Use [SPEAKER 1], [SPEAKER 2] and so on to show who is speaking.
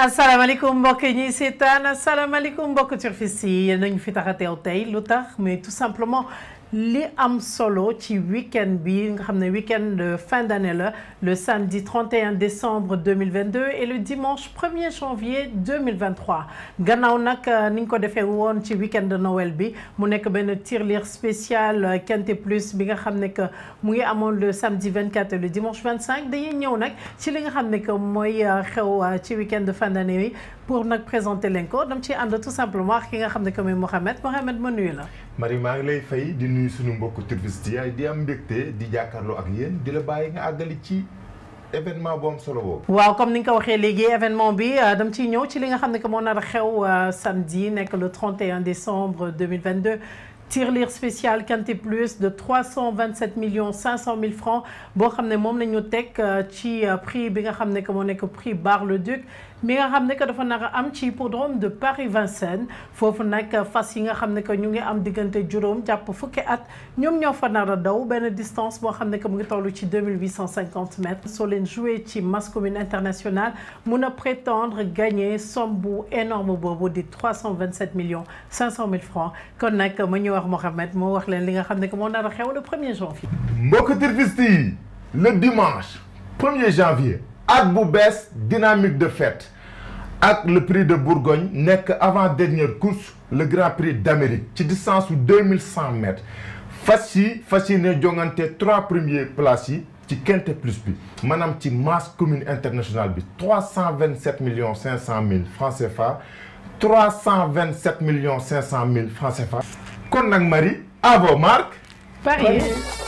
[SPEAKER 1] asalaamaaleykum mbokk yi ñuy seetaan asalaamaaleykum mbokk turfis yi nañu fi tax a tey lu tax mais tout li am solo ci week-end bi nga xam ne week-end de fin d'année la le samedi 31 décembre 2022 et le dimanche 1er janvier 2023 gannaaw nag euh, ni ñu ko defee woon ci week-end de Noël bi mu nekk benn tirelire spécial euh, Quinté Plus bi nga xam ne que mu ngi amoon le samedi 24 et le dimanche cinq dañuy ñëw nag ci li nga xam ne que mooy euh, xew ci week de fin d'année pour nag présenter leen ko dam ciy ànd tout simplement ki nga xam ne que muy Mohamed Mohamed ma nuyu
[SPEAKER 2] la. Marie maa ngi lay fay di nuyu suñu mbokku turist yi di am mbégte di jàkkaarloo ak yéen di la bàyyi nga àggali ci. événement bu solo boobu.
[SPEAKER 1] waaw comme ni nga ko waxee léegi événement bi euh, dam ciy ñëw ci li nga xam ne que moo nar a xew euh, samedi nekk le 31 décembre 2022 tirelire spéciale Kanté Plus de 327 millions 500 mille francs boo xam ne moom la ñu teg euh, ci euh, prix bi nga ne que moo pri prix Bar-le-Duc mi nga xam ne que dafa nar am ci hippodrome de Paris-Vincennes foofu nag fas yi nga xam ne que ñu ngi am diggante juróom jàpp fukki at ñoom ñoo fa nar a daw benn distance boo xam ne que mu ngi toll ci 2850 mètres soo leen joué ci mass commune international mu a prétendre gagner somme bu énorme boobu di 327 millions 500 mille francs kon nag ma ñëw wax Mouhamed moo wax leen li nga xam ne que moo nar a xew le premier janvier.
[SPEAKER 2] mbokk turfiste yi le dimanche premier janvier at bu bees dynamique de fête ak le prix de Bourgogne nekk avant dernière course le grand prix d'Amérique ci distance su deux mille cent mètres fas yi fas yi ne jongante trois premiers places yi. ci quinte plus bi maanaam ci masse commune internationale bi trois cent vingt sept millions cinq cent mille francs CFA trois cent vingt sept millions cinq cent mille francs CFA kon nag Marie à vos marques. Paris.